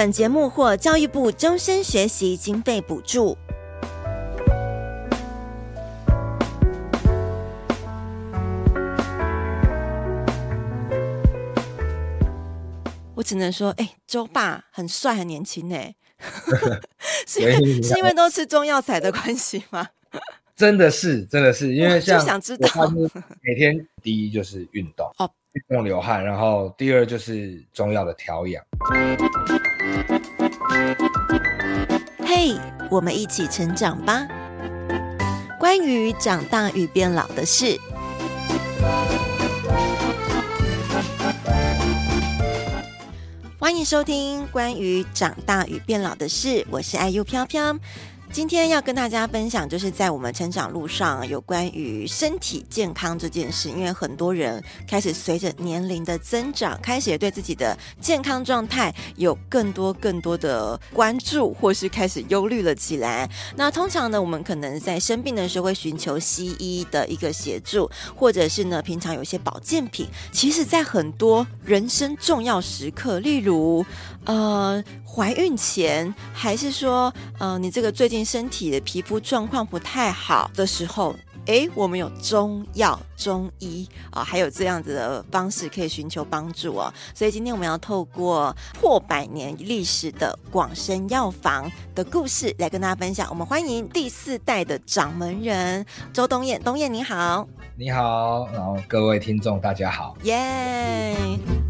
本節目獲教育部終身學習經費補助。我只能說，哎、欸，周爸很帥，很年輕，呢 因為，是 是因為都是中藥材的關係嗎？ 真的是，真的是，因為就想知道每天第一就是運動，好，運動流汗，然後第二就是中藥的調養。嘿、hey，我們一起成長吧！關於長大與變老的事，歡迎收聽《關於長大與變老的事》，我是愛 u 飄飄。今天要跟大家分享，就是在我們成長路上有關於身體健康這件事，因為很多人開始隨着年齡的增長，開始也對自己的健康狀態有更多更多的關注，或是開始憂慮了起來。那通常呢，我們可能在生病的時候會尋求西醫的一個協助，或者是呢，平常有些保健品。其實，在很多人生重要時刻，例如呃懷孕前，還是說呃你這個最近。身體的皮膚狀況不太好的時候，誒，我們有中藥、中醫啊、哦，還有這樣子的方式可以尋求幫助哦。所以今天我們要透過破百年歷史的廣生藥房的故事來跟大家分享。我們歡迎第四代的掌門人周東彥，東彥你好。你好，然後各位聽眾大家好，耶、yeah。嗯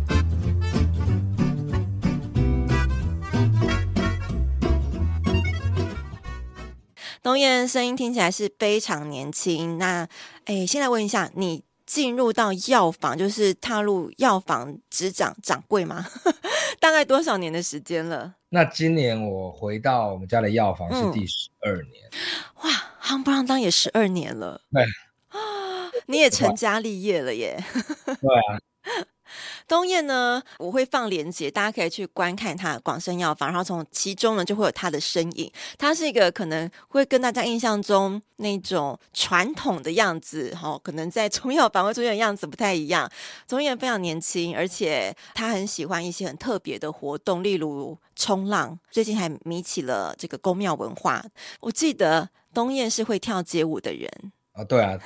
東彥聲音聽起來是非常年輕。那，哎，現在問一下，你進入到藥房，就是踏入藥房執掌掌櫃嗎？ 大概多少年的時間了？那今年我回到我們家的藥房是第十二年，嗯。哇，夯、嗯、不讓當也十二年了。對 你也成家立業了耶。對啊。東彥呢，我會放鏈接，大家可以去觀看他廣生藥房，然後從其中呢就會有他的身影。他是一個可能會跟大家印象中那種傳統的樣子，哦、可能在中藥房會出現的樣子不太一樣。東彥非常年輕，而且他很喜歡一些很特別的活動，例如衝浪，最近還迷起了這個宮廟文化。我記得東彥是會跳街舞的人啊，對啊，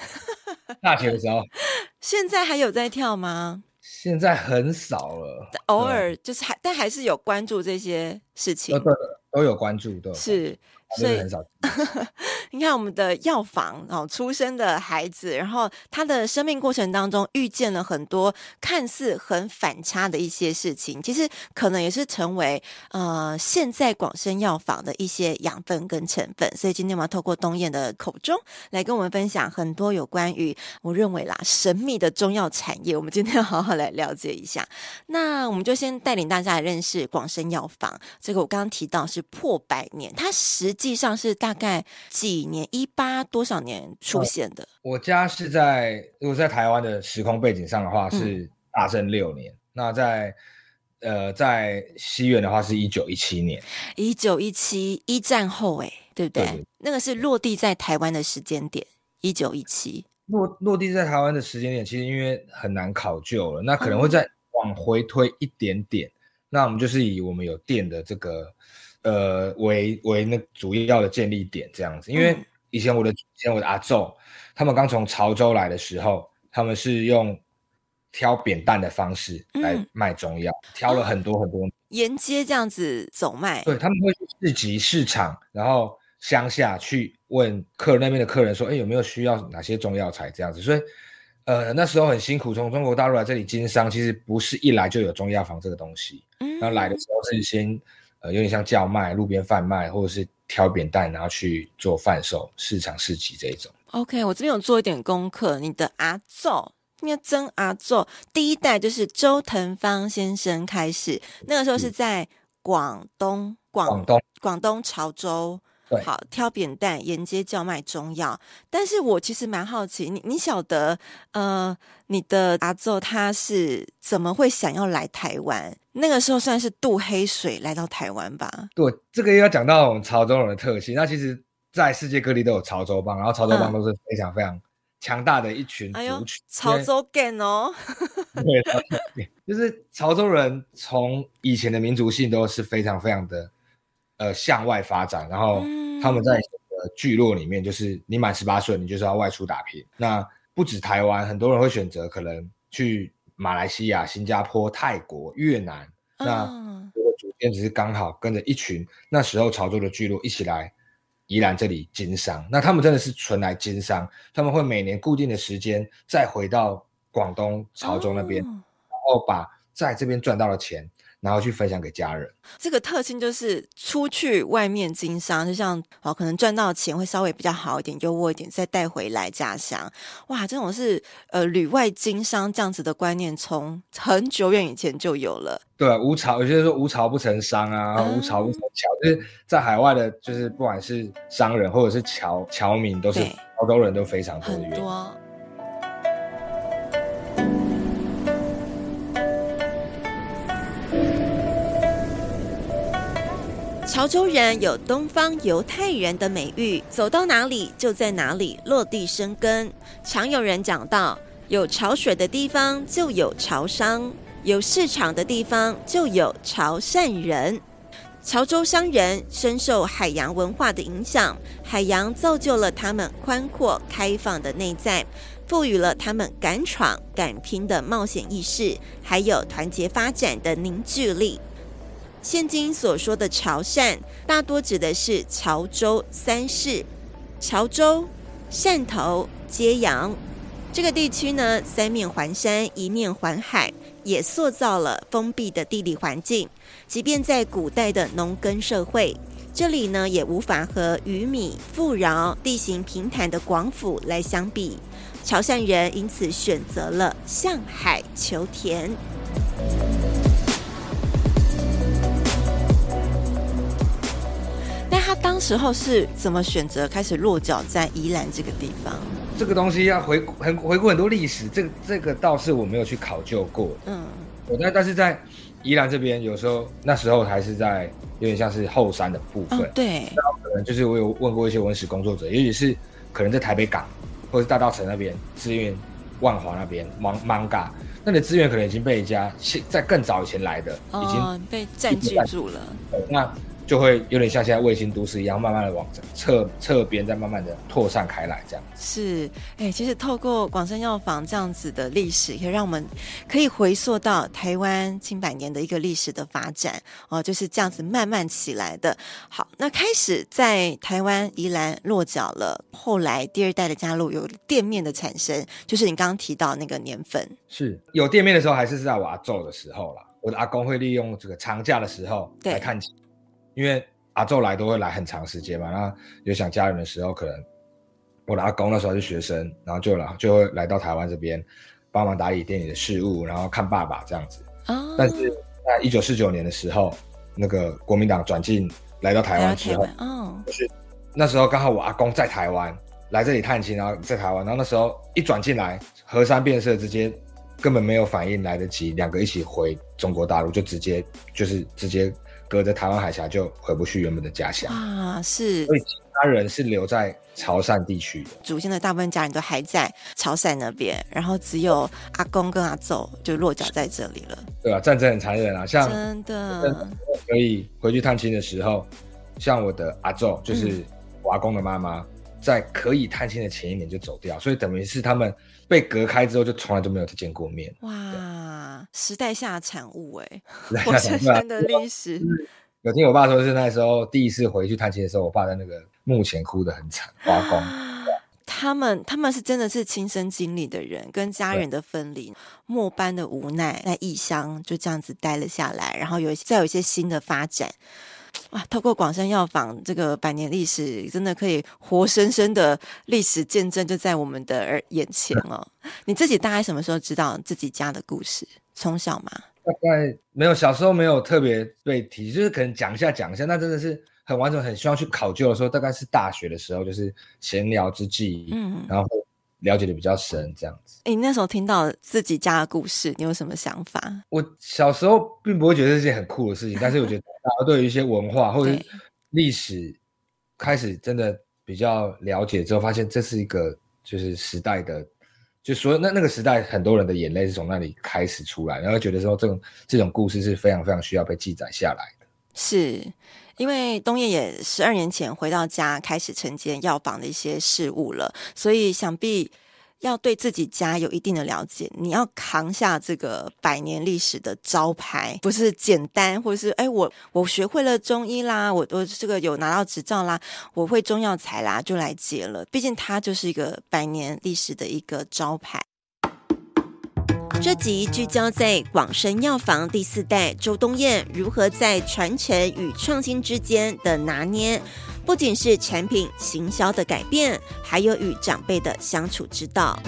大學的時候， 現在還有在跳嗎？現在很少了，偶爾就是還，但還是有關注這些事情。都，都有關注，的，是，就是很少。 你看，我們的藥房哦，出生的孩子，然後他的生命過程當中遇見了很多看似很反差的一些事情，其實可能也是成為呃現在廣生藥房的一些養分跟成分。所以今天我們要透過東彥的口中來跟我們分享很多有關於我認為啦，神秘的中藥產業，我們今天要好好來了解一下。那我們就先帶領大家來認識廣生藥房，這個我剛剛提到是破百年，它實際上是大。大概幾年？一八多少年出現的？我，我家是在如果在台灣的時空背景上的話，是大正六年、嗯。那在呃，在西元的話是一九一七年。一九一七，一戰後哎、欸，對不對，對，對，對？那個是落地在台灣的時間點，一九一七。落落地在台灣的時間點，其實因為很難考究了，那可能會再往回推一點點。嗯、那我們就是以我們有店的這個。呃，為為那主要的建立點這樣子，因為以前我的以前、嗯、我的阿仲，他們剛從潮州來的時候，他們是用挑扁擔的方式來賣中藥，嗯、挑了很多很多、哦、沿街這樣子走賣。對，他們會去市集市場，然後鄉下去問客人那邊的客人說，哎，有沒有需要哪些中藥材這樣子。所以，呃，那時候很辛苦，從中國大陸來這裡經商，其實不是一來就有中藥房這個東西，嗯、然後來的時候是先呃，有點像叫賣、路邊販賣，或者是挑扁擔，然後去做販售市場、市集這一種。OK，我這邊有做一點功課，你的阿祖，應該曾阿祖，第一代就是周騰芳先生開始，那個時候是在廣東、廣東、廣東潮州。好，挑扁擔沿街叫賣中藥。但是我其實蠻好奇，你你曉得，呃，你的阿祖他是怎麼會想要來台灣？那個時候算是渡黑水來到台灣吧。對，這個又要講到我們潮州人的特性。那其實，在世界各地都有潮州幫，然後潮州幫都是非常非常強大的一群族群。嗯，哎呦，潮州 g 哦， 對，就是潮州人從以前的民族性都是非常非常的。呃，向外發展，然後他們在呃聚落裡面，就是你滿十八歲，你就是要外出打拼。那不止台灣，很多人會選擇可能去馬來西亞、新加坡、泰國、越南。那我祖先只是剛好跟着一群那時候潮州的聚落一起來宜蘭這裡經商。那他們真的是純來經商，他們會每年固定的時間再回到廣東潮州那邊，哦，然後把在這邊賺到的錢。然後去分享給家人，這個特性就是出去外面經商，就像好、哦、可能賺到錢會稍微比較好一點，優渥一點，再帶回來家鄉。哇，這種是呃旅外經商這樣子的觀念，從很久遠以前就有了。對、啊，無潮有些人說無潮不成商啊，嗯、無潮不成僑，就是在海外的，就是不管是商人或者是僑僑民，都是潮州人都非常多的。潮州人有“東方猶太人”的美譽，走到哪裡就在哪裡落地生根。常有人講到，有潮水的地方就有潮商，有市場的地方就有潮汕人。潮州商人深受海洋文化的影響，海洋造就了他們寬闊開放的內在，賦予了他們敢闖敢拼的冒險意識，還有團結發展的凝聚力。現今所說的潮汕，大多指的是潮州三市、三市、潮州、汕頭、揭陽這個地區呢。三面環山，一面環海，也塑造了封閉的地理環境。即便在古代的農耕社會，這裡呢也無法和魚米富饒、地形平坦的廣府來相比。潮汕人因此選擇了向海求田。他當時候是怎麼選擇開始落腳在宜蘭這個地方？這個東西要回顧很回顧很多歷史，這個、這個倒是我沒有去考究過。嗯，我但但是在宜蘭這邊，有時候那時候還是在有點像是後山的部分。哦、對，那可能就是我有問過一些文史工作者，也許是可能在台北港或者大稻埕那邊，資源萬華那邊艋、艋舺。那的資源可能已經被一家現在更早以前來的、哦、已經被占據住了。那。就會有點像現在衛星都市一樣，慢慢的往側側邊再慢慢的擴散開來，這樣是。哎、欸，其實透過廣生藥房這樣子的歷史，可以讓我們可以回溯到台灣近百年的一個歷史的發展哦，就是這樣子慢慢起來的。好，那開始在台灣宜蘭落腳了，後來第二代的加入有店面的產生，就是你剛剛提到那個年份，是有店面的時候還是在我阿祖的時候啦。我的阿公會利用這個長假的時候來看。對，因為阿祖來都會來很長時間嘛，那有想家人的時候，可能我的阿公那時候是學生，然後就來，就會來到台灣這邊幫忙打理店裡的事務，然後看爸爸這樣子。哦、oh.。但是在一九四九年的時候，那個國民黨轉進來到台灣之後，嗯、oh.，是那時候剛好我阿公在台灣、oh. 來這裡探親，然後在台灣，然後那時候一轉進來，河山變色，直接根本沒有反應來得及，兩個一起回中國大陸，就直接就是直接。隔着台灣海峽就回不去原本的家鄉啊，是，所以其他人是留在潮汕地區。祖先的大部分家人都還在潮汕那邊，然後只有阿公跟阿祖就落腳在這裡了。對啊，戰爭很殘忍啊，像真的可以回去探親的時候，像我的阿祖就是我阿公的媽媽。嗯在可以探親的前一年就走掉，所以等於是他們被隔開之後，就從來都沒有再見過面。哇，時代下的產物哎、欸，活生生的歷史。 有聽我爸說，是那時候第一次回去探親的時候，我爸在那個墓前哭得很慘，花光。他們他們是真的是親身經歷的人，跟家人的分離，末班的無奈，在異鄉就這樣子待了下來，然後有一再有一些新的發展。哇，透過廣生藥房這個百年歷史，真的可以活生生的歷史見證就在我們的眼前哦。你自己大概什麼時候知道自己家的故事？從小嗎？大概沒有，小時候沒有特別被提，就是可能講一下講一下。那真的是很完整，很需要去考究的時候，大概是大學的時候，就是閒聊之際，嗯，然後。了解的比較深，這樣子。哎、欸，你那時候聽到自己家的故事，你有什麼想法？我小時候並不會覺得這是件很酷的事情， 但是我覺得，大家對於一些文化或者歷史，開始真的比較了解之後，發現這是一個就是時代的，就是說那那個時代很多人的眼淚是從那裡開始出來，然後覺得說這種這種故事是非常非常需要被記載下來的。是因為東彥也十二年前回到家開始承接藥房的一些事務了，所以想必要對自己家有一定的了解。你要扛下這個百年歷史的招牌，不是簡單，或者是哎，我我學會了中醫啦，我我這個有拿到執照啦，我會中藥材啦，就來接了。畢竟它就是一個百年歷史的一個招牌。這集聚焦在廣生藥房第四代周東彥如何在傳承與創新之間的拿捏，不僅是產品行銷的改變，還有與長輩的相處之道。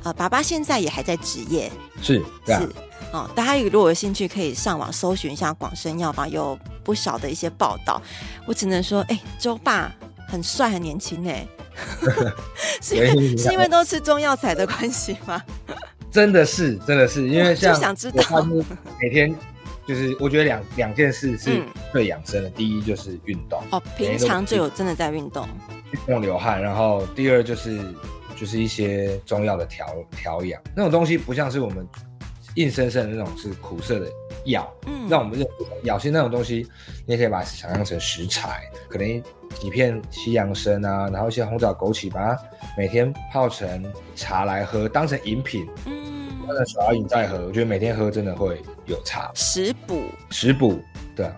啊、呃，爸爸現在也還在執業，是、啊、是哦。大家如果有興趣，可以上網搜尋一下廣生藥房，有不少的一些報道。我只能說，哎，周爸很帥，很年輕哎。 是因為是因為都是中藥材的關係嗎？ 真的是，真的是，因為像就想知道每天就是，我覺得兩兩件事是最養生的，嗯。第一就是運動哦，平常就有真的在運動，運動流汗。然後第二就是就是一些中藥的調調養，那種東西不像是我們。硬生生的那種是苦澀的藥，嗯，讓我們咬心那種東西，你可以把它想象成食材，可能幾片西洋參啊，然後一些紅棗、枸杞，把它每天泡成茶來喝，當成飲品，嗯，當成小飲再喝。我覺得每天喝真的會有差。食補，食補，對。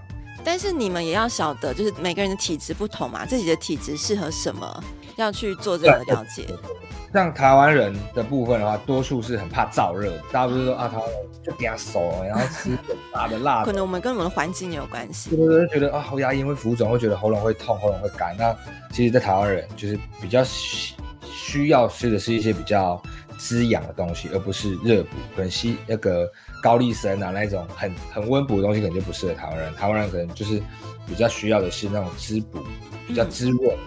但是你們也要曉得，就是每個人的體質不同嘛，自己的體質適合什麼，要去做這個了解。嗯像台灣人的部分的話，多數是很怕燥熱，大家不是說啊，台灣人就比較熟，然後吃很辣的辣的。 可能我們跟我們的環境也有關係。有的人覺得啊，喉牙齦會浮腫，會覺得喉嚨會痛，喉嚨會乾。那其實，在台灣人就是比較需要吃的是一些比較滋養的東西，而不是熱補。可能那個高麗參啊，那種很很溫補的東西，可能就不適合台灣人。台灣人可能就是比較需要的是那種滋補。比較滋味、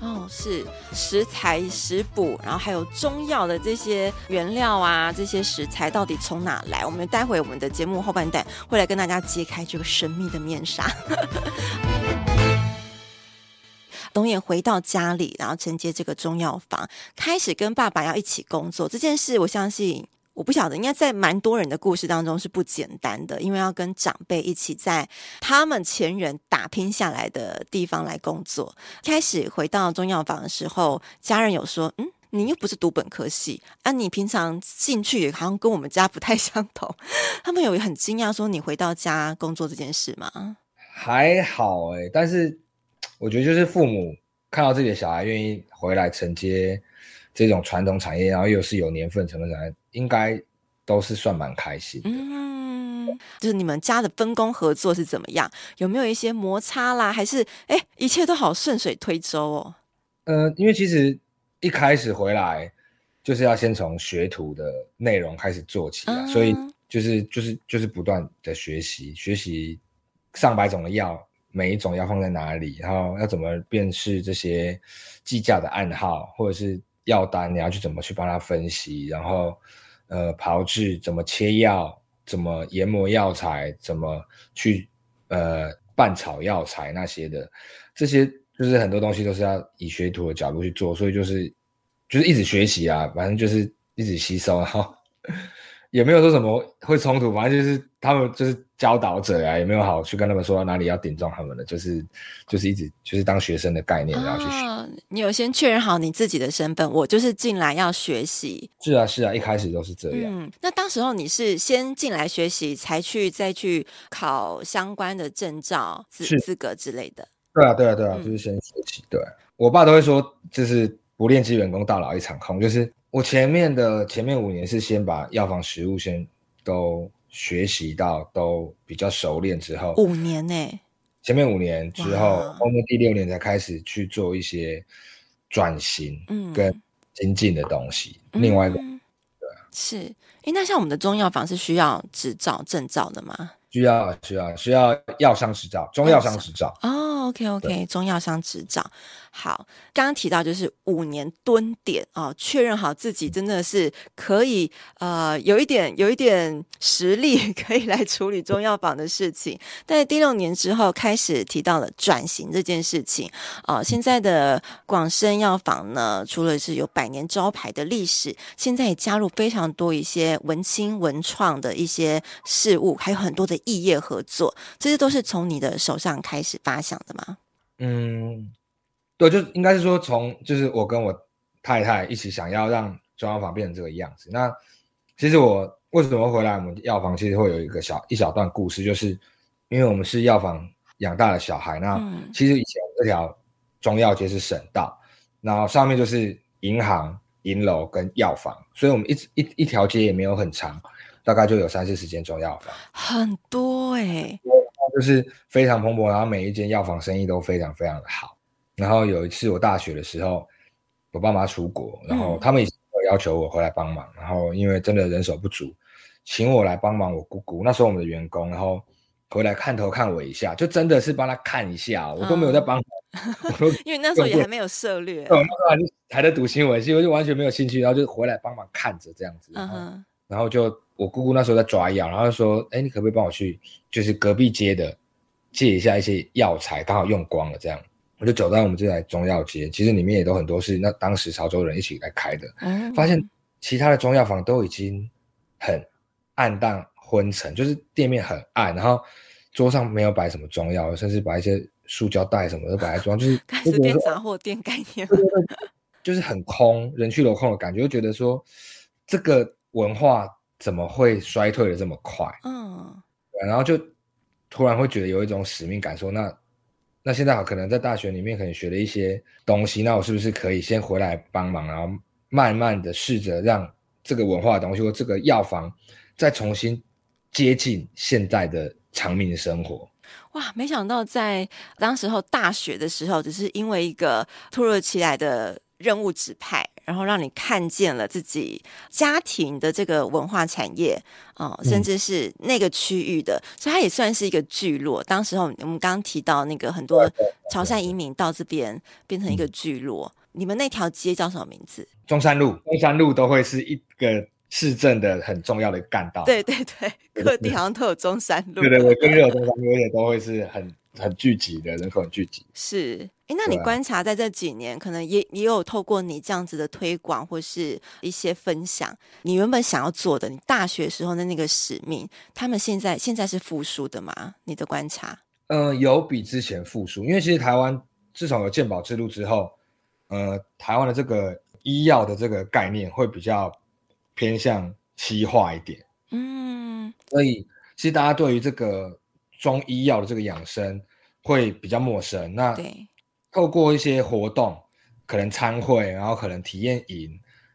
嗯、哦，是食材食補，然後還有中藥的這些原料啊，這些食材到底從哪來？我們待會我們的節目後半段會來跟大家揭開這個神秘的面紗。東 彥回到家裡，然後承接這個中藥房，開始跟爸爸要一起工作這件事，我相信。我不曉得，應該在蠻多人的故事當中是不簡單的，因為要跟長輩一起在他們前人打拼下來的地方來工作。開始回到中藥房的時候，家人有說：“嗯，你又不是讀本科系啊，你平常興趣好像跟我們家不太相同。”他們有很驚訝說：“你回到家工作這件事嗎？”還好哎、欸，但是我覺得就是父母看到自己的小孩願意回來承接。這種傳統產業，然後又是有年份成分在，應該都是算蠻開心的。嗯，就是你們家的分工合作是怎麼樣？有沒有一些摩擦啦？還是哎，一切都好順水推舟哦？呃，因為其實一開始回來就是要先從學徒的內容開始做起。嗯，所以就是就是就是不斷的學習，學習上百種的藥，每一種藥放在哪裡，然後要怎麼辨識這些計價的暗號，或者是。藥單，你要去怎麼去幫他分析，然後，呃，炮製怎麼切藥，怎麼研磨藥材，怎麼去呃拌炒藥材那些的，這些就是很多東西都是要以學徒的角度去做，所以就是，就是一直學習啊，反正就是一直吸收，然後。 也沒有說什麼會衝突，反正就是他們就是教導者呀、啊，也沒有好去跟他們說哪裡要頂撞他們的，就是就是一直就是當學生的概念然後去學。啊、你有先確認好你自己的身份，我就是進來要學習。是啊是啊，一開始都是這樣。嗯，那當時候你是先進來學習，才去再去考相關的證照、資資格之類的。對啊對啊對啊、嗯，就是先學習。對、啊、我爸都會說，就是不練基本功，到老一場空，就是。我前面的前面五年是先把藥房實務先都學習到都比較熟練之後，五年呢？前面五年之後，後面第六年才開始去做一些轉型跟精進的東西。另外一個、嗯嗯、是欸，那像我們的中藥房是需要執照證照的嗎？需要需要需要藥商執照，中藥商執照。哦，OK OK，中藥商執照。好，剛剛提到就是五年蹲點哦，確認好自己真的是可以呃有一點有一點實力可以來處理中藥房的事情。但是第六年之後，開始提到了轉型這件事情哦。現在的廣生藥房呢，除了是有百年招牌的歷史，現在也加入非常多一些文青文創的一些事物，還有很多的異業合作，這些都是從你的手上開始發想的嗎？嗯。對，就應該是說，從就是我跟我太太一起想要讓中藥房變成這個樣子。那其實我為什麼回來我們藥房，其實會有一個小一小段故事，就是因為我們是藥房養大的小孩呢。那其實以前這條中藥街是省道，嗯，然後上面就是銀行、銀樓跟藥房，所以我們一直一一條街也沒有很長，大概就有三四十間中藥房，很多誒，欸，就是非常蓬勃，然後每一間藥房生意都非常非常的好。然後有一次我大學的時候，我爸媽出國，然後他們也要求我回來幫忙，嗯。然後因為真的人手不足，請我來幫忙。我姑姑那時候我們的員工，然後回來看頭看尾一下，就真的是幫他看一下，嗯，我都沒有在幫，嗯 因有，因為那時候也還沒有涉獵。還在讀新聞系，我就完全沒有興趣，然後就回來幫忙看着這樣子。嗯，然後就我姑姑那時候在抓藥，然後就說：“哎，你可不可以幫我去，就是隔壁街的借一下一些藥材，剛好用光了這樣。”我就走到我們這台中藥街，其實裡面也都很多是那當時潮州人一起來開的。嗯，發現其他的中藥房都已經很暗淡昏沉，就是店面很暗，然後桌上沒有擺什麼中藥，甚至擺一些塑膠袋什麼的都擺在桌上，就是開始變雜貨店概念了，就是很空，人去樓空的感覺，就覺得說這個文化怎麼會衰退的這麼快？嗯，然後就突然會覺得有一種使命感說，說那。那現在好可能在大學裡面可能學了一些東西，那我是不是可以先回來幫忙，然後慢慢的試着讓這個文化東西或這個藥房，再重新接近現在的常民生活？哇，沒想到在當時候大學的時候，只是因為一個突如其來的任務指派。然後讓你看見了自己家庭的這個文化產業哦、呃，甚至是那個區域的、嗯，所以它也算是一個聚落。當時候我們剛剛提到那個很多潮汕移民到這邊變成一個聚落，你們那條街叫什麼名字？中山路，中山路都會是一個市政的很重要的幹道。對對對，各地好像都有中山路， 對對對，都有中山路，也都會是很。很聚集的人口，很聚集。是，哎，那你觀察在這幾年，啊、可能也也有透過你這樣子的推廣或是一些分享，你原本想要做的，你大學時候的那個使命，他們現在現在是復甦的嗎？你的觀察？嗯、呃，有比之前復甦，因為其實台灣自從有健保制度之後，呃，台灣的這個醫藥的這個概念會比較偏向西化一點。嗯，所以其實大家對於這個。中醫藥的這個養生會比較陌生，那透過一些活動，可能參會，然後可能體驗營，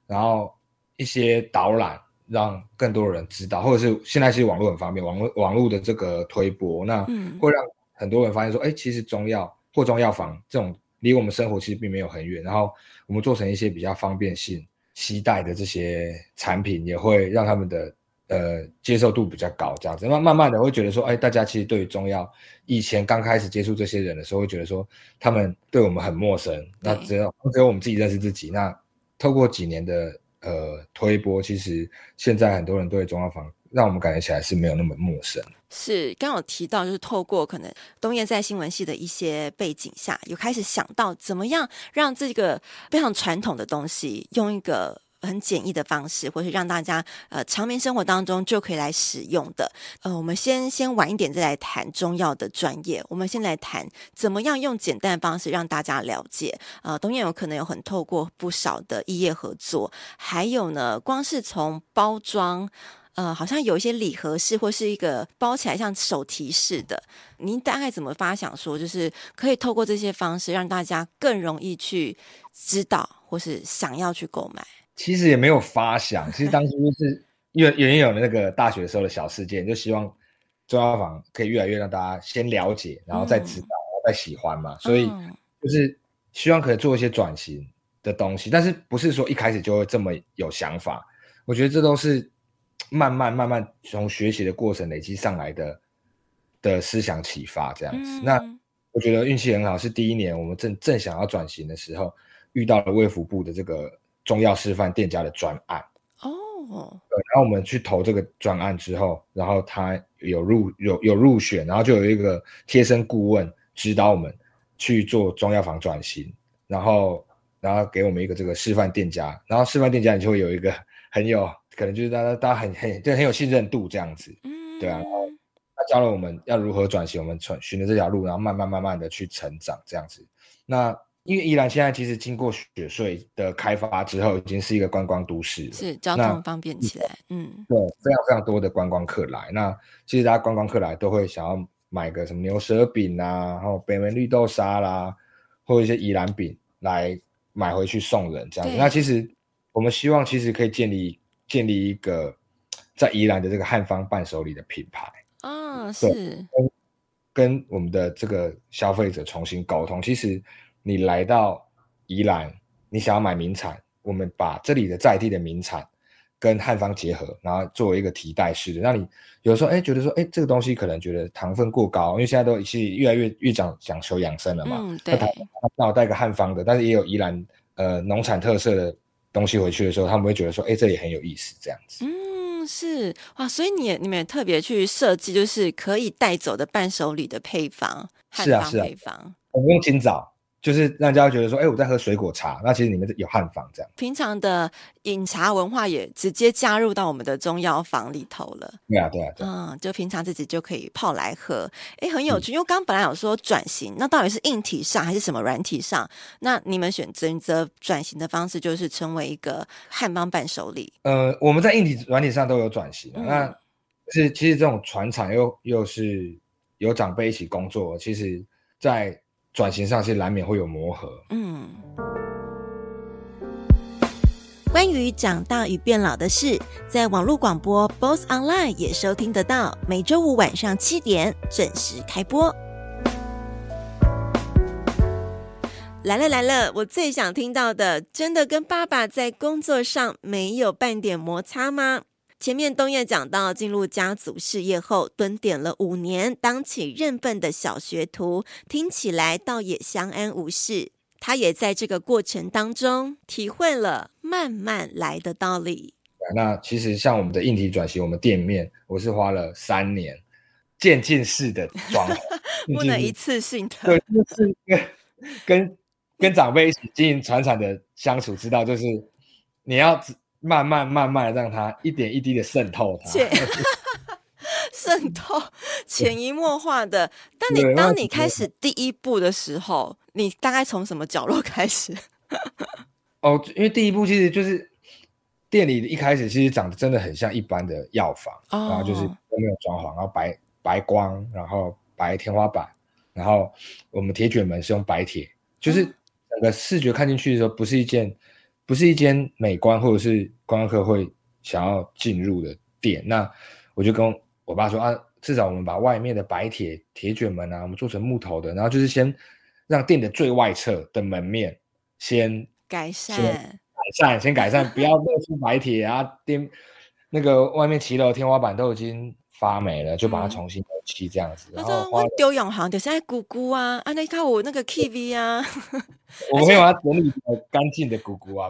然後一些導覽，讓更多人知道，或者是現在其實網絡很方便，網絡網絡的這個推播，那會讓很多人發現說，哎、嗯，其實中藥或中藥房這種離我們生活其實並沒有很遠，然後我們做成一些比較方便性攜帶的這些產品，也會讓他們的。呃，接受度比較高，這樣子，慢慢慢的，我會覺得說，哎、欸，大家其實對於中藥，以前剛開始接觸這些人的時候，會覺得說他們對我們很陌生。那只有只有我們自己認識自己。那透過幾年的呃推播，其實現在很多人對中藥房，讓我們感覺起來是沒有那麼陌生。是，剛有提到，就是透過可能東彥在新聞系的一些背景下，有開始想到怎麼樣讓這個非常傳統的東西用一個。很簡易的方式，或是讓大家呃，常民生活當中就可以來使用的。呃，我們先先晚一點再來談中藥的專業。我們先來談怎麼樣用簡單的方式讓大家了解。啊、呃，東彥有可能有很透過不少的異業合作，還有呢，光是從包裝，呃，好像有一些禮盒式，或是一個包起來像手提式的。您大概怎麼發想說，就是可以透過這些方式讓大家更容易去知道，或是想要去購買？其實也沒有發想，其實當初就是因為原有的那個大學的時候的小事件， 就希望中藥房可以越來越讓大家先了解，然後再知道，然、嗯、後再喜歡嘛。所以就是希望可以做一些轉型的東西、哦，但是不是說一開始就會這麼有想法？我覺得這都是慢慢慢慢從學習的過程累積上來的的思想啟發這樣子。嗯、那我覺得運氣很好，是第一年我們正正想要轉型的時候，遇到了衛福部的這個。中藥示範店家的專案哦、oh.，對，然後我們去投這個專案之後，然後他有入有有入選，然後就有一個貼身顧問指導我們去做中藥房轉型，然後然後給我們一個這個示範店家，然後示範店家你就會有一個很有可能就是大家大家很很就很有信任度這樣子，嗯，對啊，然後他教了我們要如何轉型，我們循著這條路，然後慢慢慢慢的去成長這樣子，那。因為宜蘭現在其實經過雪隧的開發之後，已經是一個觀光都市了，是交通方便起來，嗯，對，非常非常多的觀光客來、嗯。那其實大家觀光客來都會想要買個什麼牛舌餅啊，然後北門綠豆沙啦，或者一些宜蘭餅來買回去送人這樣子。那其實我們希望其實可以建立建立一個在宜蘭的這個漢方伴手禮的品牌啊、哦，是跟跟我們的這個消費者重新溝通，其實。你來到宜蘭，你想要買名產，我們把這裡的在地的名產跟漢方結合，然後作為一個替代式的，讓你有時候哎、欸、覺得說，哎、欸、這個東西可能覺得糖分過高，因為現在都是越來越越講講求養生了嘛。嗯，對。那我帶個漢方的，但是也有宜蘭呃農產特色的東西回去的時候，他們會覺得說，哎、欸、這裡很有意思這樣子。嗯，是。哇，所以你你們也特別去設計就是可以帶走的伴手禮的配方，漢方配方。我不用金棗。就是讓人家會覺得說，哎、欸，我在喝水果茶。那其實你們有漢方這樣，平常的飲茶文化也直接加入到我們的中藥房裡頭了對、啊。對啊，對啊，嗯，就平常自己就可以泡來喝。哎、欸，很有趣，嗯、因為剛剛本來有說轉型，那到底是硬體上還是什麼軟體上？那你們選擇轉型的方式就是成為一個漢方伴手禮？嗯？呃，我們在硬體、軟體上都有轉型。嗯、那其實，其實這種傳產又又是有長輩一起工作，其實，在。轉型上是難免會有磨合。嗯，關於長大與變老的事，在網絡廣播 BOSS Online 也收聽得到，每周五晚上七點準時開播。來了來了，我最想聽到的，真的跟爸爸在工作上沒有半點摩擦嗎？前面東彥講到進入家族事業後，蹲點了五年，當起認份的小學徒，聽起來倒也相安無事。他也在這個過程當中體會了慢慢來的道理。啊，那其實像我們的硬體轉型，我們店面我是花了三年漸進式的裝， 不能一次性的。對，就是跟跟長輩一起經營傳統的相處之道，就是你要。慢慢慢慢，讓它一點一滴的滲透它，滲透潛移默化的。但你當你開始第一步的時候，你大概從什麼角落開始？ 哦，因為第一步其實就是店裡一開始其實長得真的很像一般的藥房、哦、然後就是都沒有裝潢，然後白白光，然後白天花板，然後我們鐵捲門是用白鐵、嗯，就是整個視覺看進去的時候，不是一件。不是一間美觀或者是觀光客會想要進入的店，那我就跟我爸說啊，至少我們把外面的白鐵鐵捲門啊，我們做成木頭的，然後就是先讓店的最外側的門面先改善，改善，先改善，不要露出白鐵啊，店 那個外面騎樓天花板都已經。發霉了，就把它重新丟棄這樣子。他、嗯、我丟永恆，丟現在姑姑啊，那啊，你看我那個 K V 啊。我沒有把它整理的乾淨的姑姑啊。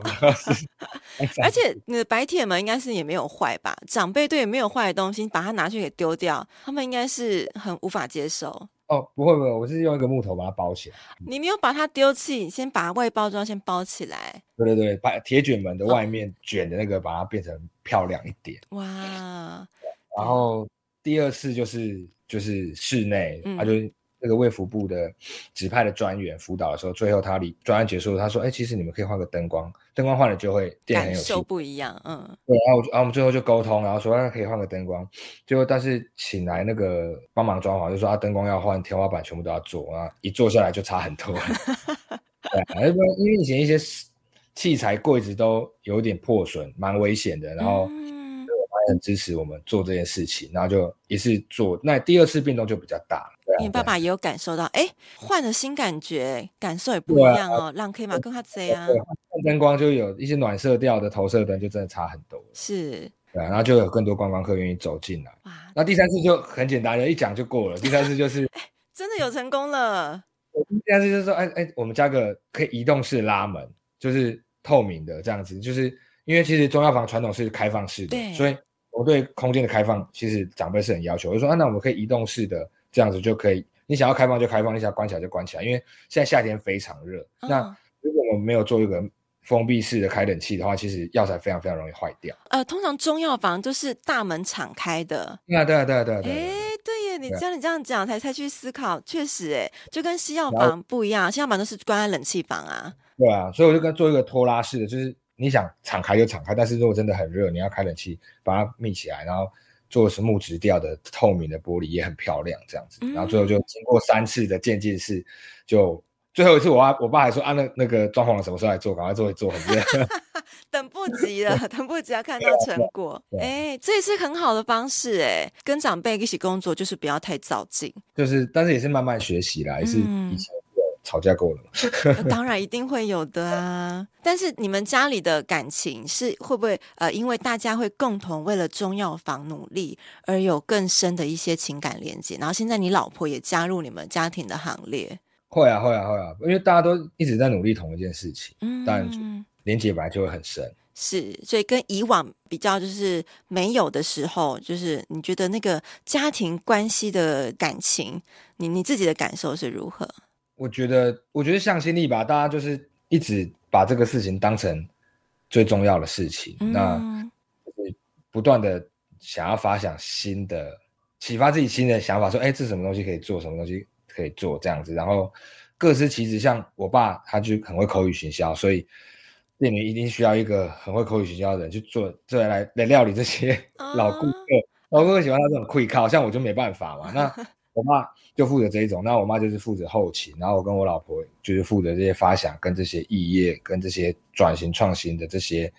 而且你的白鐵門應該是也沒有壞吧？長輩對也沒有壞的東西把它拿去給丟掉，他們應該是很無法接受。哦，不會不會，我是用一個木頭把它包起來。你沒有把它丟棄，你先把它外包裝先包起來。對對對，把鐵捲門的外面捲的那個，哦、把它變成漂亮一點。哇。然後第二次就是就是室內，他、嗯啊、就那個衛福部的指派的專員輔導的時候，嗯、最後他離專案結束，他說：“哎、欸，其實你們可以換個燈光，燈光換了就會電很有趣。”感受不一樣，嗯。對，然、啊、後我,、啊、我們最後就溝通，然後說啊，可以換個燈光。最後，但是請來那個幫忙裝潢，就說啊，燈光要換，天花板全部都要做啊，一做下來就差很多。 對，因因為以前一些器材櫃子都有點破損，蠻危險的，然後。嗯很支持我們做這件事情，然後就一次做，那第二次變動就比較大。你爸爸也有感受到，哎、欸，換了新感覺，感受也不一樣哦。讓 K 嘛，跟他這樣，燈光就有一些暖色調的投射燈，就真的差很多。是，對啊，然後就有更多觀光客願意走進來。哇，那第三次就很簡單了，一講就過了。第三次就是，哎 真的有成功了。第三次就是說，哎、欸、哎、欸，我們加個可以移動式拉門，就是透明的這樣子，就是因為其實中藥房傳統是開放式的，所以。我對空間的開放，其實長輩是很要求。我就說啊，那我們可以移動式的這樣子就可以，你想要開放就開放一下，你想要關起來就關起來。因為現在夏天非常熱、哦，那如果我們沒有做一個封閉式的開冷氣的話，其實藥材非常非常容易壞掉。呃，通常中藥房都是大門敞開的。嗯、啊對啊對啊對啊。哎、啊，對耶、啊啊啊啊啊啊，你這樣你這樣講才才去思考，確實哎、欸，就跟西藥房不一樣，西藥房都是關在冷氣房啊。對啊，所以我就跟做一個拖拉式的，就是。你想敞開就敞開，但是如果真的很熱，你要開冷氣，把它密起來，然後做的是木質調的透明的玻璃，也很漂亮，這樣子、嗯。然後最後就經過三次的漸進式，就最後一次我爸，我我爸還說按、啊、那那個裝潢什麼時候來做？趕快做一做，很熱。等不及了， 等不及要看到成果。哎、啊啊欸，這也是很好的方式哎、欸，跟長輩一起工作，就是不要太躁進，就是，但是也是慢慢學習啦，也是以前、嗯。吵架夠了嘛？當然一定會有的啊！ 但是你們家裡的感情是會不會呃，因為大家會共同為了中藥房努力，而有更深的一些情感連接？然後現在你老婆也加入你們家庭的行列，會啊，會啊，會啊！因為大家都一直在努力同一件事情，嗯，但連接本來就會很深、嗯。嗯、是，所以跟以往比較，就是沒有的時候，就是你覺得那個家庭關係的感情，你你自己的感受是如何？我覺得，我覺得向心力吧，大家就是一直把這個事情，當成最重要的事情，嗯、那不斷的想要發想新的，啟發自己新的想法，說，哎，這什麼東西可以做，什麼東西可以做，這樣子，然後各司其職。像我爸，他就很會口語行銷，所以店員一定需要一個很會口語行銷的人去做，這來來，來料理這些老顧客，啊、老顧客喜歡他這種會靠，像我就沒辦法嘛，那。呵呵我媽就負責這一種，那我媽就是負責後勤，然後我跟我老婆就是負責這些發想、跟這些異業、跟這些轉型創新的這些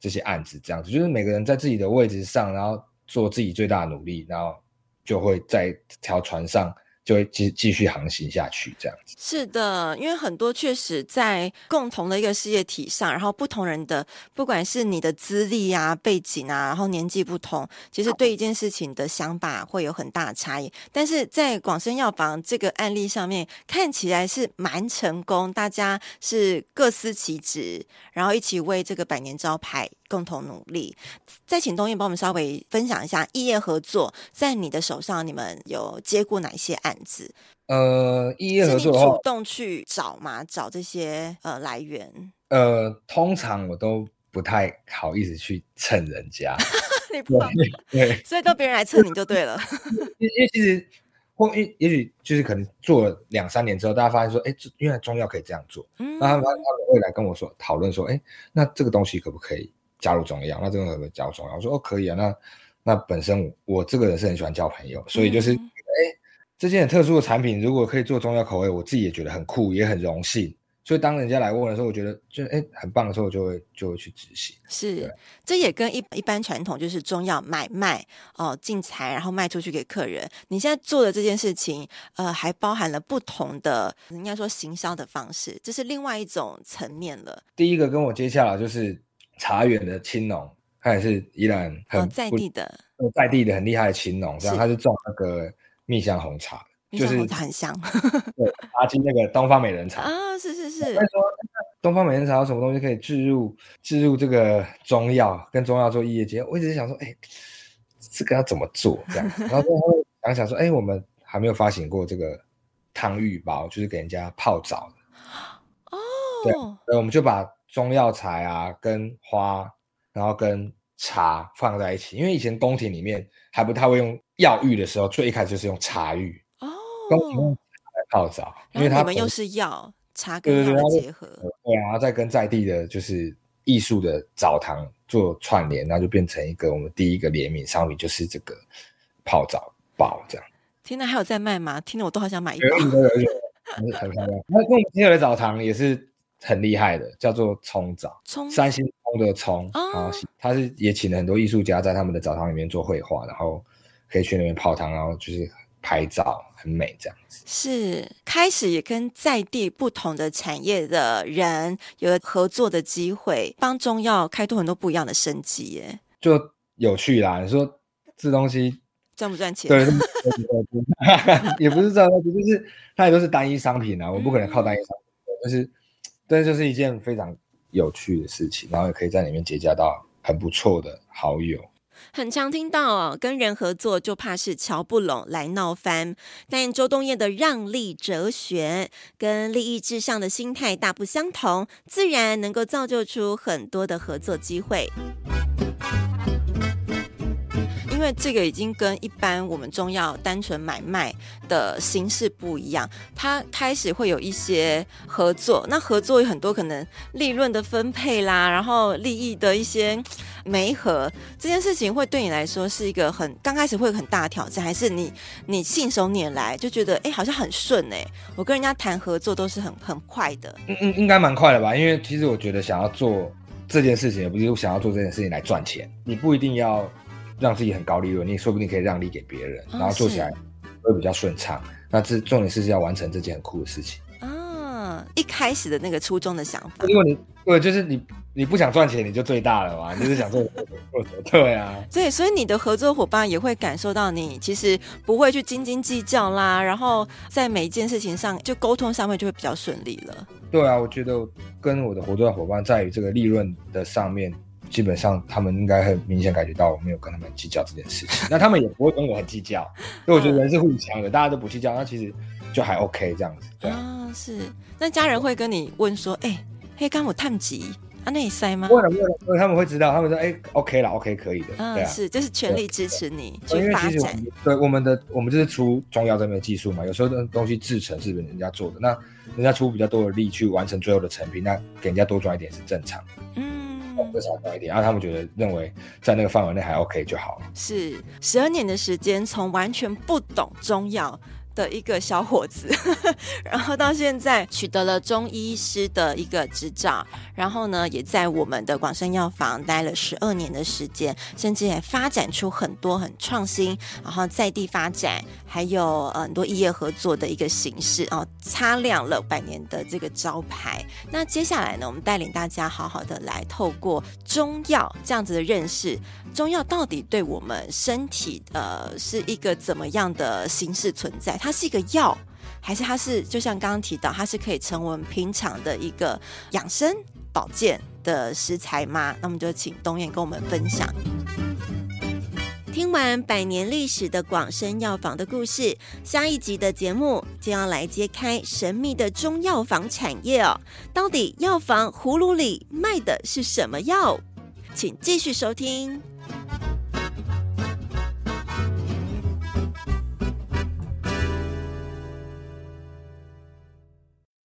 這些案子，這樣子，就是每個人在自己的位置上，然後做自己最大的努力，然後就會在一條船上。就會繼繼續航行下去，這樣子。是的，因為很多確實在共同的一個事業體上，然後不同人的，不管是你的資歷啊、背景啊，然後年紀不同，其實對一件事情的想法會有很大差異。但是在廣生藥房這個案例上面，看起來是蠻成功，大家是各司其職，然後一起為這個百年招牌，共同努力。再請東彥幫我們稍微分享一下異業合作，在你的手上，你們有接過哪些案子？呃，異業合作，主動去找嘛，找這些呃來源。呃，通常我都不太好意思去蹭人家， 你不對，對，所以都別人來蹭你就對了。 因為其實或一也許就是可能做了兩三年之後，大家發現說，哎，這原來中藥可以這樣做。嗯，然後他們會來跟我說討論說，哎，那這個東西可不可以？加入中藥，那這個有沒有加入中藥？我說哦，可以啊。那那本身我，我這個人是很喜歡交朋友，所以就是哎、嗯，這件很特殊的產品，如果可以做中藥口味，我自己也覺得很酷，也很榮幸。所以當人家來問的時候，我覺得就哎很棒的時候，我就會就會去執行。是，這也跟一一般傳統就是中藥買賣，賣哦進材，然後賣出去給客人。你現在做的這件事情，呃，還包含了不同的應該說行銷的方式，這是另外一種層面了。第一個跟我接下來就是。茶園的青農，他也是宜蘭很，哦、在地的，在地的很厲害的青農，這樣。他是種那個蜜香紅茶，是就是香很香。 對，阿金那個東方美人茶啊、哦，是是是。他說東方美人茶有什麼東西可以置入置入這個中藥，跟中藥做異業界，我一直想說，哎，欸，這個要怎麼做？這樣，然後就，來想想說，哎，欸，我們還沒有發行過這個湯浴包，就是給人家泡澡的。哦，對，呃、我們就把。中藥材啊，跟花，然後跟茶放在一起，因為以前宮廷裡面還不太會用藥浴的時候，最一開始就是用茶浴哦，用、oh, 茶泡澡，後因為它後我們又是藥茶跟茶結合，對，對，對，然後再跟在地的就是藝術的澡堂做串聯，那就變成一個我們第一個聯名商品就是這個泡澡包這樣。聽到還有在賣嗎？聽得我都好想買一個。那後這種朋友的澡堂也是。很厲害的，叫做沖澡，三星沖的沖、哦，然後他是也請了很多藝術家在他們的澡堂裡面做繪畫，然後可以去那邊泡湯，然後就是拍照，很美這樣子。是開始也跟在地不同的產業的人有了合作的機會，幫中藥開拓很多不一樣的生機，耶。就有趣啦。你說這東西賺不賺錢？對， 也不是賺錢， 就是它也都是單一商品啊，我不可能靠單一商品，就、嗯、是。但就是一件非常有趣的事情，然後也可以在裡面結交到很不錯的好友。很常聽到哦，跟人合作就怕是瞧不攏來鬧翻，但周東彥的讓利哲學跟利益至上的心態大不相同，自然能夠造就出很多的合作機會。因為這個已經跟一般我們中藥單純買賣的形式不一樣，它開始會有一些合作。那合作有很多可能利潤的分配啦，然後利益的一些媒合，這件事情會對你來說是一個很剛開始會有很大挑戰，還是你你信手拈來就覺得哎、欸、好像很順哎、欸，我跟人家談合作都是很很快的。嗯嗯，應應該蠻快的吧？因為其實我覺得想要做這件事情，也不是想要做這件事情來賺錢，你不一定要。讓自己很高利潤，你說不定可以讓利給別人，哦，然後做起來會比較順暢，是。那這重點是要完成這件很酷的事情啊！一開始的那個初衷的想法，因為你對，為就是你你不想賺錢，你就最大了嘛， 你就是想做做特對啊？對，所以你的合作夥伴也會感受到你其實不會去斤斤計較啦，然後在每一件事情上就溝通上面就會比較順利了。對啊，我覺得跟我的合作夥伴在於這個利潤的上面。基本上他們應該很明顯感覺到我沒有跟他們計較這件事情， 那他們也不會跟我很計較，所 以我覺得人是互相的、呃，大家都不計較，那其實就還 OK 這樣子。嗯、對啊、哦，是。那家人會跟你問說：“哎、嗯，黑剛我探級啊，那裡塞嗎了了了？”他們會知道。他們說：“哎、欸、，OK 了，OK 可以的。嗯”對、啊、是，就是全力支持你去、呃、發展。對，我們的我們就是出中藥這邊的技術嘛，有時候的東西制成是人家做的，那人家出比較多的力去完成最後的成品，那給人家多賺一點是正常的。嗯。會少大一點，然、嗯、後他們覺得認為在那個範圍內還 OK 就好了。是十二年的時間，從完全不懂中藥。的一個小夥子， 然後到現在取得了中醫師的一個執照，然後呢，也在我們的廣生藥房待了十二年的時間，甚至也發展出很多很創新，然後在地發展，還有很多異業合作的一個形式，哦、啊，擦亮了百年的這個招牌。那接下來呢，我們帶領大家好好的來透過中藥這樣子的認識，中藥到底對我們身體，呃，是一個怎麼樣的形式存在？它是一個藥，還是它是就像剛剛提到，它是可以成為我們平常的一個養生保健的食材嗎？那麼就請東彥跟我們分享。聽完百年歷史的廣生藥房的故事，下一集的節目就要來揭開神秘的中藥房產業哦。到底藥房葫蘆裡賣的是什麼藥？請繼續收聽。